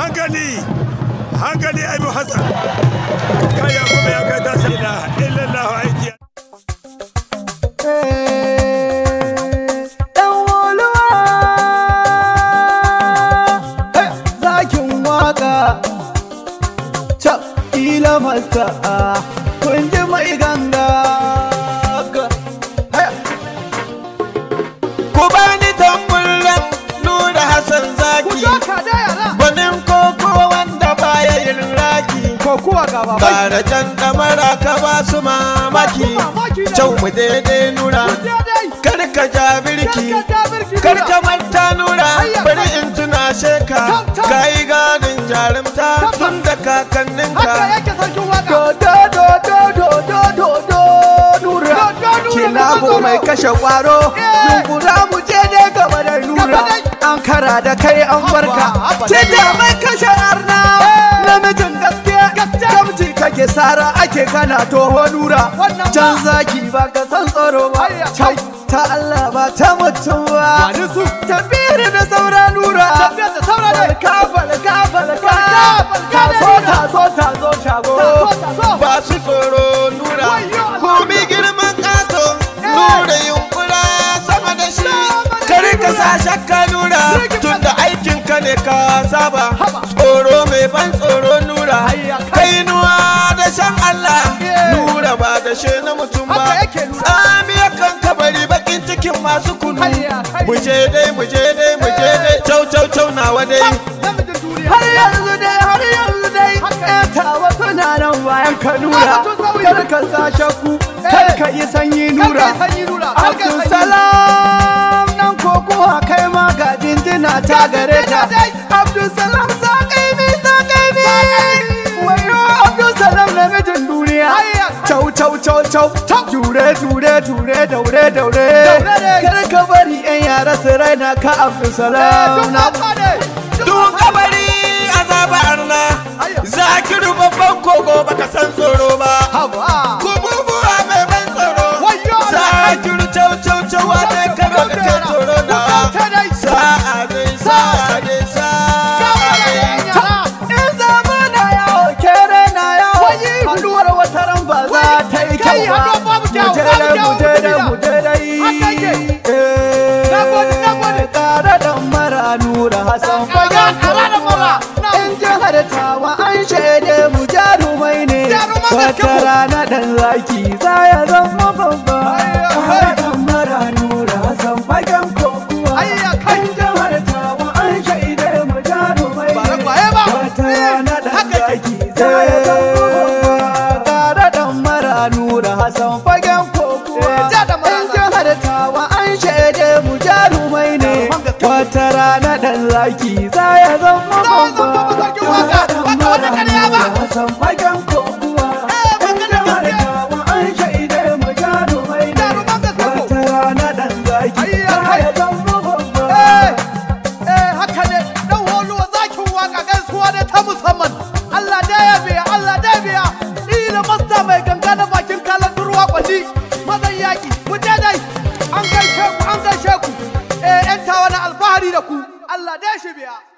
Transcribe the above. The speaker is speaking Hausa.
hankali hankali abu hassan kaya kuma ya kai tashi ila illallahu aiki mai ku bani tambulan nura Hassan zaki kowa gaba ba da can ka ba su mamaki can mu daidai nura kar ka ja birki kar ka manta nura bari in tuna sheka ka yi gadin jarumta tun da kakanninka dodo dodo dodo dodo nura kilabo mai kashe kwaro yunkura eh. mu je ne gaba da nura an kara da kai an barka tun da mai kashe arna ake sara ake kana toho nura can zaki ba ka san tsoro ba ta Allah ba ta mutum ba tafiyar da saura nura kafal kafal ka so ta so ta zo shago ba shi tsoro nura komi girman kato eh. nura yunkura sama da shi kare ka sa shakka nura tunda ka ne ka saba tsoro karshe na mutum ba tsami yakan kabari bakin cikin masu kunu mu je dai mu je dai mu je dai eh. cau cau cau nawa dai har yanzu dai har yanzu dai eh, ta wasu na nan bayan ka nura kar ka sa shakku kar ka yi sanyi nura abdul salam nan ko kuwa kai ma ga jinjina ta gare ta cau cau jure jure jure daure daure kar ka bari yan yara su raina ka abdul salam na eh, duk kabari azaba arna zakiru babban kogo baka san tsoro ba kububuwa mai ban tsoro zakiru cau cau cau wa ne karo ka tsoro na sa'a wata rana dan zaki za ya zama babba har dan mara nura san fagen kokuwa kan jama'ar tawa an shaidar mu jaro mai wata rana dan zaki za ya mara nura san fagen kokuwa in jihar tawa an shaidar mu jaro ne wata rana dan zaki za ya zama babba mara ku je dai an gaishe ku an gaishe ku eh yan na alfahari da ku Allah dai shi biya